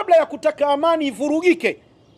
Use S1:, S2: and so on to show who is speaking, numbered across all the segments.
S1: kabla ya kutaka amani ivurugike,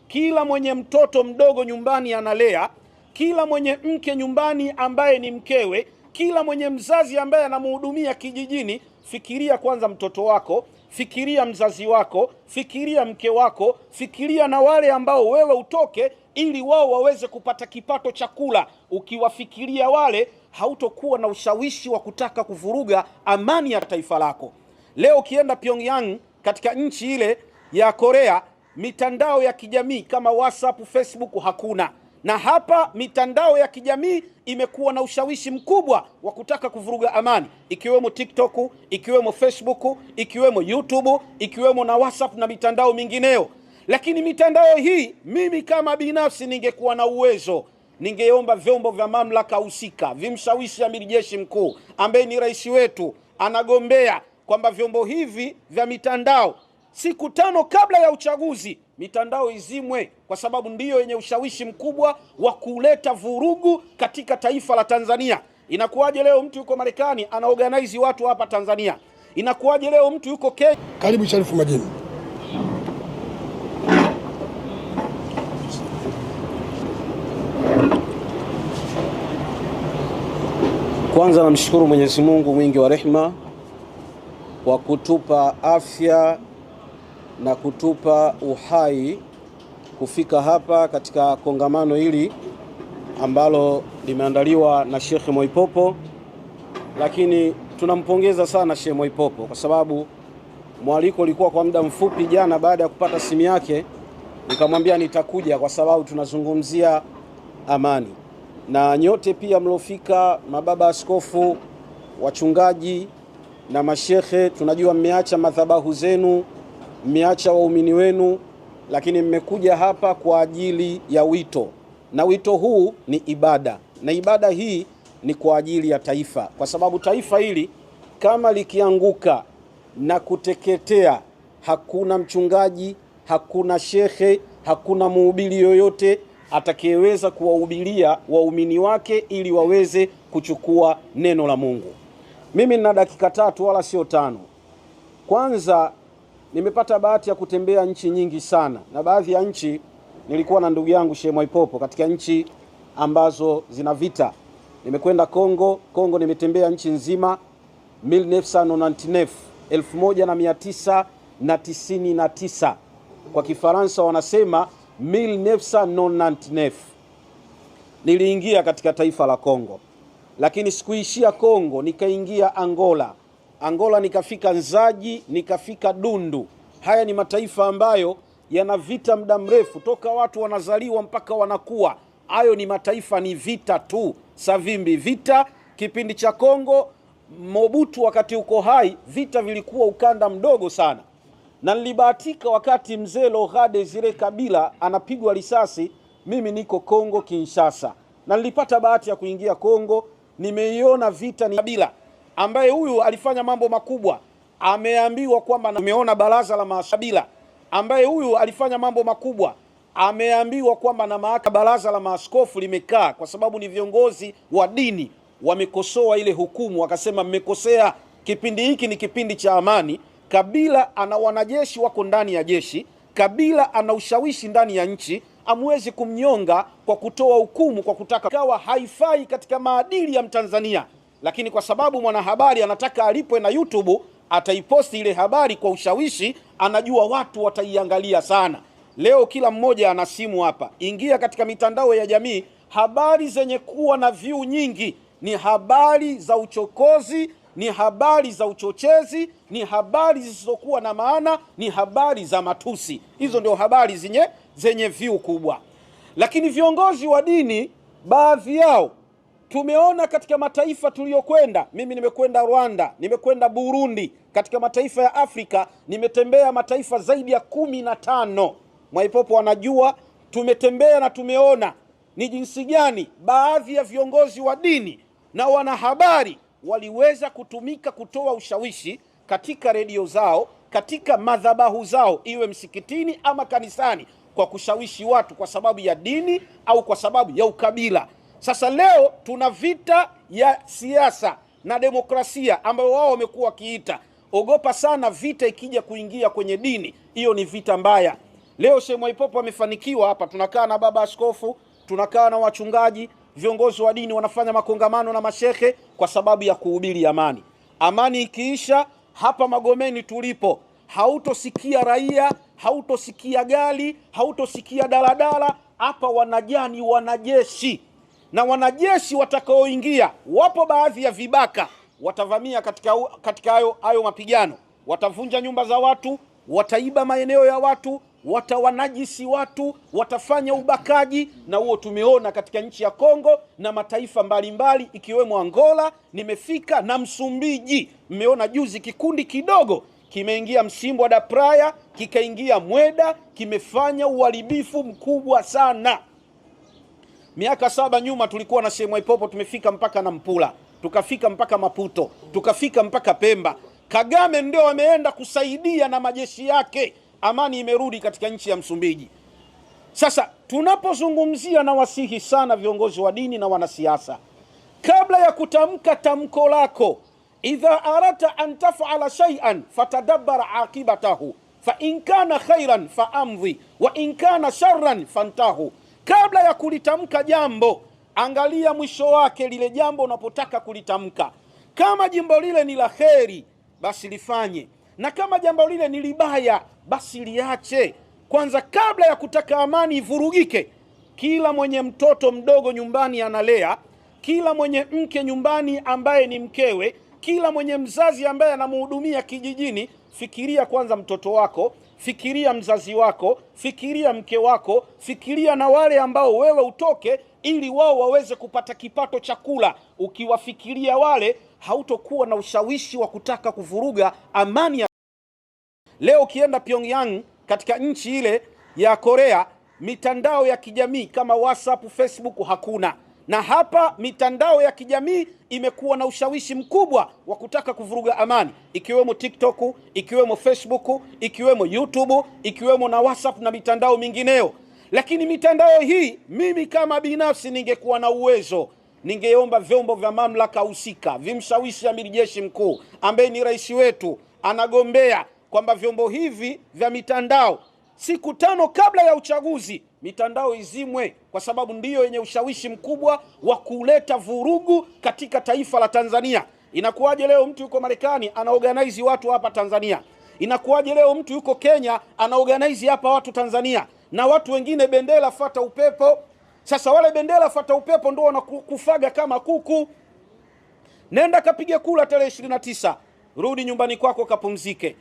S1: kila mwenye mtoto mdogo nyumbani analea, kila mwenye mke nyumbani ambaye ni mkewe, kila mwenye mzazi ambaye anamhudumia kijijini, fikiria kwanza mtoto wako, fikiria mzazi wako, fikiria mke wako, fikiria na wale ambao wewe utoke ili wao waweze kupata kipato cha kula. Ukiwafikiria wale, hautokuwa na ushawishi wa kutaka kuvuruga amani ya taifa lako. Leo ukienda Pyongyang katika nchi ile ya Korea mitandao ya kijamii kama WhatsApp, Facebook hakuna, na hapa mitandao ya kijamii imekuwa na ushawishi mkubwa wa kutaka kuvuruga amani, ikiwemo TikTok, ikiwemo Facebook, ikiwemo YouTube, ikiwemo na WhatsApp na mitandao mingineyo. Lakini mitandao hii, mimi kama binafsi, ningekuwa na uwezo ningeomba vyombo vya mamlaka husika vimshawishi amiri jeshi mkuu ambaye ni rais wetu anagombea, kwamba vyombo hivi vya mitandao siku tano kabla ya uchaguzi mitandao izimwe, kwa sababu ndiyo yenye ushawishi mkubwa wa kuleta vurugu katika taifa la Tanzania. Inakuwaje leo mtu yuko Marekani anaorganize watu hapa Tanzania? Inakuwaje leo mtu yuko Kenya?
S2: Karibu Sharifu Majini. Kwanza namshukuru Mwenyezi Mungu mwingi wa rehema kwa kutupa afya na kutupa uhai kufika hapa katika kongamano hili ambalo limeandaliwa na Sheikh Moipopo, lakini tunampongeza sana Sheikh Moipopo kwa sababu mwaliko ulikuwa kwa muda mfupi. Jana baada ya kupata simu yake nikamwambia nitakuja kwa sababu tunazungumzia amani, na nyote pia mliofika, mababa askofu, wachungaji na mashehe, tunajua mmeacha madhabahu zenu mmeacha waumini wenu, lakini mmekuja hapa kwa ajili ya wito, na wito huu ni ibada, na ibada hii ni kwa ajili ya taifa, kwa sababu taifa hili kama likianguka na kuteketea, hakuna mchungaji, hakuna shekhe, hakuna mhubiri yoyote atakayeweza kuwahubiria waumini wake ili waweze kuchukua neno la Mungu. Mimi nina dakika tatu wala sio tano. Kwanza Nimepata bahati ya kutembea nchi nyingi sana, na baadhi ya nchi nilikuwa na ndugu yangu Sheikh Mwaipopo katika nchi ambazo zina vita. Nimekwenda Kongo, Kongo nimetembea nchi nzima 1999 1999 kwa Kifaransa wanasema 1999 niliingia katika taifa la Kongo, lakini sikuishia Kongo, nikaingia Angola Angola, nikafika Nzaji, nikafika Dundu. Haya ni mataifa ambayo yana vita muda mrefu, toka watu wanazaliwa mpaka wanakuwa. Hayo ni mataifa, ni vita tu. Savimbi, vita kipindi cha Kongo, Mobutu wakati uko hai, vita vilikuwa ukanda mdogo sana, na nilibahatika wakati mzee Laurent Desire Kabila anapigwa risasi, mimi niko Kongo Kinshasa, na nilipata bahati ya kuingia Kongo, nimeiona vita ni Kabila ambaye huyu alifanya mambo makubwa ameambiwa kwamba tumeona baraza la maasabila ambaye huyu alifanya mambo makubwa ameambiwa kwamba na maaka baraza la maaskofu limekaa kwa sababu ni viongozi wa dini wamekosoa ile hukumu, wakasema mmekosea, kipindi hiki ni kipindi cha amani. Kabila ana wanajeshi wako ndani ya jeshi, Kabila ana ushawishi ndani ya nchi, amwezi kumnyonga kwa kutoa hukumu kwa kutaka, kawa haifai katika maadili ya Mtanzania lakini kwa sababu mwanahabari anataka alipwe na YouTube ataiposti ile habari kwa ushawishi, anajua watu wataiangalia sana. Leo kila mmoja ana simu hapa, ingia katika mitandao ya jamii, habari zenye kuwa na view nyingi ni habari za uchokozi, ni habari za uchochezi, ni habari zisizokuwa na maana, ni habari za matusi. Hizo ndio habari zenye, zenye view kubwa. Lakini viongozi wa dini baadhi yao Tumeona katika mataifa tuliyokwenda, mimi nimekwenda Rwanda, nimekwenda Burundi, katika mataifa ya Afrika nimetembea mataifa zaidi ya kumi na tano. Mwaipopo wanajua tumetembea na tumeona ni jinsi gani baadhi ya viongozi wa dini na wanahabari waliweza kutumika kutoa ushawishi katika redio zao, katika madhabahu zao, iwe msikitini ama kanisani, kwa kushawishi watu kwa sababu ya dini au kwa sababu ya ukabila. Sasa leo tuna vita ya siasa na demokrasia ambayo wao wamekuwa wakiita. Ogopa sana vita ikija kuingia kwenye dini, hiyo ni vita mbaya. Leo Sheikh Mwaipopo amefanikiwa hapa, tunakaa na baba askofu, tunakaa na wachungaji, viongozi wa dini wanafanya makongamano na mashehe kwa sababu ya kuhubiri amani. Amani ikiisha hapa Magomeni tulipo, hautosikia raia, hautosikia gari, hautosikia daladala. Hapa wanajani, wanajeshi na wanajeshi watakaoingia, wapo baadhi ya vibaka watavamia katika katika hayo hayo mapigano, watavunja nyumba za watu, wataiba maeneo ya watu, watawanajisi watu, watafanya ubakaji, na huo tumeona katika nchi ya Kongo na mataifa mbalimbali ikiwemo Angola, nimefika na Msumbiji. Mmeona juzi kikundi kidogo kimeingia Msimbwa da Praia, kikaingia Mweda, kimefanya uharibifu mkubwa sana. Miaka saba nyuma tulikuwa na sehemu Ipopo, tumefika mpaka Nampula, tukafika mpaka Maputo, tukafika mpaka Pemba. Kagame ndio ameenda kusaidia na majeshi yake, amani imerudi katika nchi ya Msumbiji. Sasa tunapozungumzia, na wasihi sana viongozi wa dini na wanasiasa, kabla ya kutamka tamko lako, idha arata an tafala shay'an fatadabbar aqibatahu fa in kana khairan amdhi wa in kana sharran fantahu Kabla ya kulitamka jambo, angalia mwisho wake lile jambo unapotaka kulitamka. Kama jimbo lile ni la kheri, basi lifanye, na kama jambo lile ni libaya, basi liache. Kwanza, kabla ya kutaka amani ivurugike. Kila mwenye mtoto mdogo nyumbani analea, kila mwenye mke nyumbani ambaye ni mkewe, kila mwenye mzazi ambaye anamhudumia kijijini, fikiria kwanza mtoto wako, fikiria mzazi wako, fikiria mke wako, fikiria na wale ambao wewe utoke ili wao waweze kupata kipato cha kula. Ukiwafikiria wale, hautokuwa na ushawishi wa kutaka kuvuruga amani ya
S1: leo. Ukienda Pyongyang katika nchi ile ya Korea, mitandao ya kijamii kama WhatsApp, Facebook hakuna na hapa mitandao ya kijamii imekuwa na ushawishi mkubwa wa kutaka kuvuruga amani, ikiwemo TikTok, ikiwemo Facebook, ikiwemo YouTube, ikiwemo na WhatsApp na mitandao mingineyo. Lakini mitandao hii, mimi kama binafsi, ningekuwa na uwezo, ningeomba vyombo vya mamlaka husika vimshawishi amiri jeshi mkuu ambaye ni rais wetu anagombea, kwamba vyombo hivi vya mitandao siku tano kabla ya uchaguzi mitandao izimwe, kwa sababu ndiyo yenye ushawishi mkubwa wa kuleta vurugu katika taifa la Tanzania. Inakuwaje leo mtu yuko Marekani anaorganize watu hapa Tanzania? Inakuwaje leo mtu yuko Kenya anaorganize hapa watu Tanzania, na watu wengine bendera fata upepo? Sasa wale bendera fata upepo ndio wanakufaga kama kuku. Nenda kapige kula tarehe 29, rudi nyumbani kwako, kapumzike,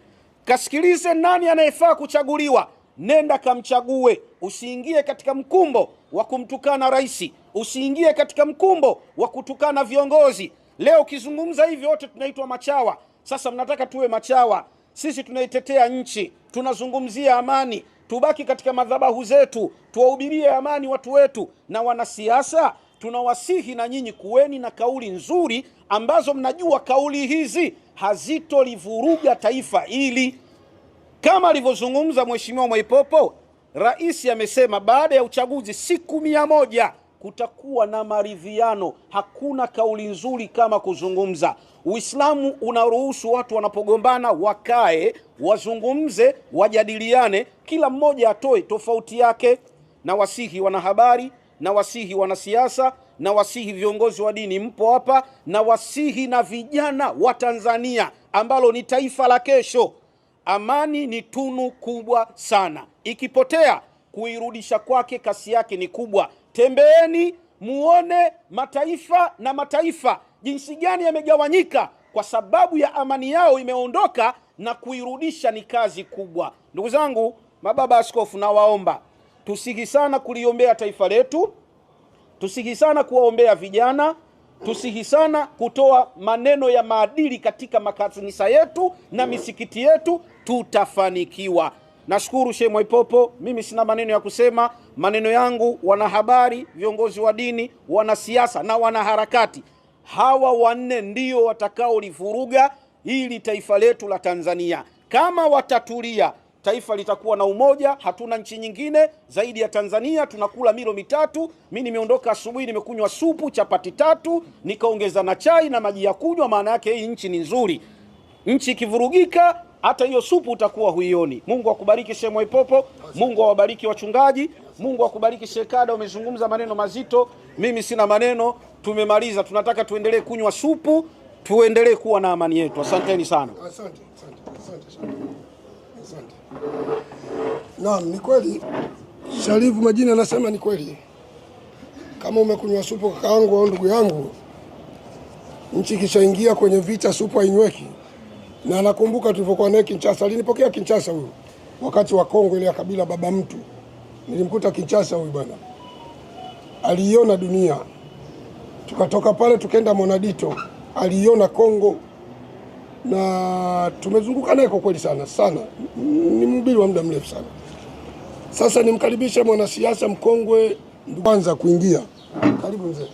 S1: kasikilize nani anayefaa kuchaguliwa nenda kamchague. Usiingie katika mkumbo wa kumtukana rais, usiingie katika mkumbo wa kutukana viongozi. Leo ukizungumza hivyo wote tunaitwa machawa. Sasa mnataka tuwe machawa? Sisi tunaitetea nchi, tunazungumzia amani. Tubaki katika madhabahu zetu, tuwahubirie amani watu wetu. Na wanasiasa tunawasihi na nyinyi kuweni na kauli nzuri ambazo mnajua kauli hizi hazitolivuruga taifa hili. Kama alivyozungumza Mheshimiwa Mwaipopo, rais amesema baada ya uchaguzi siku mia moja kutakuwa na maridhiano. Hakuna kauli nzuri kama kuzungumza. Uislamu unaruhusu watu wanapogombana wakae, wazungumze, wajadiliane, kila mmoja atoe tofauti yake, na wasihi wanahabari, na wasihi wanasiasa, na wasihi viongozi wa dini, mpo hapa, na wasihi na vijana wa Tanzania ambalo ni taifa la kesho. Amani ni tunu kubwa sana, ikipotea kuirudisha kwake kasi yake ni kubwa. Tembeeni muone mataifa na mataifa jinsi gani yamegawanyika kwa sababu ya amani yao imeondoka, na kuirudisha ni kazi kubwa. Ndugu zangu, mababa askofu, nawaomba tusihi sana kuliombea taifa letu, tusihi sana kuwaombea vijana, tusihi sana kutoa maneno ya maadili katika makanisa yetu na misikiti yetu, tutafanikiwa. Nashukuru Sheikh Mwaipopo, mimi sina maneno ya kusema. Maneno yangu wanahabari, viongozi wa dini, wanasiasa na wanaharakati hawa wanne ndio watakaolivuruga hili taifa letu la Tanzania. Kama watatulia, taifa litakuwa na umoja. Hatuna nchi nyingine zaidi ya Tanzania, tunakula milo mitatu. Mi nimeondoka asubuhi, nimekunywa supu chapati tatu, nikaongeza na chai na maji ya kunywa. Maana yake hii nchi ni nzuri. Nchi ikivurugika hata hiyo supu utakuwa huioni. Mungu akubariki Sheikh Ipopo, Mungu awabariki wachungaji, Mungu akubariki Sheikh Umezungumza maneno mazito, mimi sina maneno, tumemaliza. Tunataka tuendelee kunywa supu, tuendelee kuwa na amani yetu. Asanteni sana.
S2: Asante, asante, asante, asante. Naam, ni kweli Sharifu Majini anasema ni kweli. Kama umekunywa supu kakaangu au ndugu yangu, nchi ikishaingia kwenye vita, supu hainyweki na nakumbuka tulivyokuwa naye Kinshasa, alinipokea Kinshasa huyu wakati wa Kongo ile ya kabila baba mtu, nilimkuta Kinshasa huyu bwana, aliiona dunia. Tukatoka pale tukaenda Monadito, aliiona Kongo na tumezunguka naye kwa kweli sana sana, ni mhubiri wa muda mrefu sana. Sasa nimkaribishe mwanasiasa mkongwe kwanza kuingia. Karibu mzee.